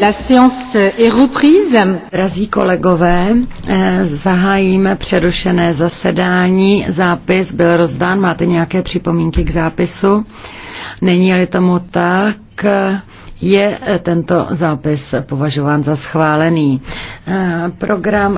La séance est reprise. Drazí kolegové, eh, zahájíme přerušené zasedání. Zápis byl rozdán. Máte nějaké připomínky k zápisu? Není-li tomu tak, je tento zápis považován za schválený. Eh, program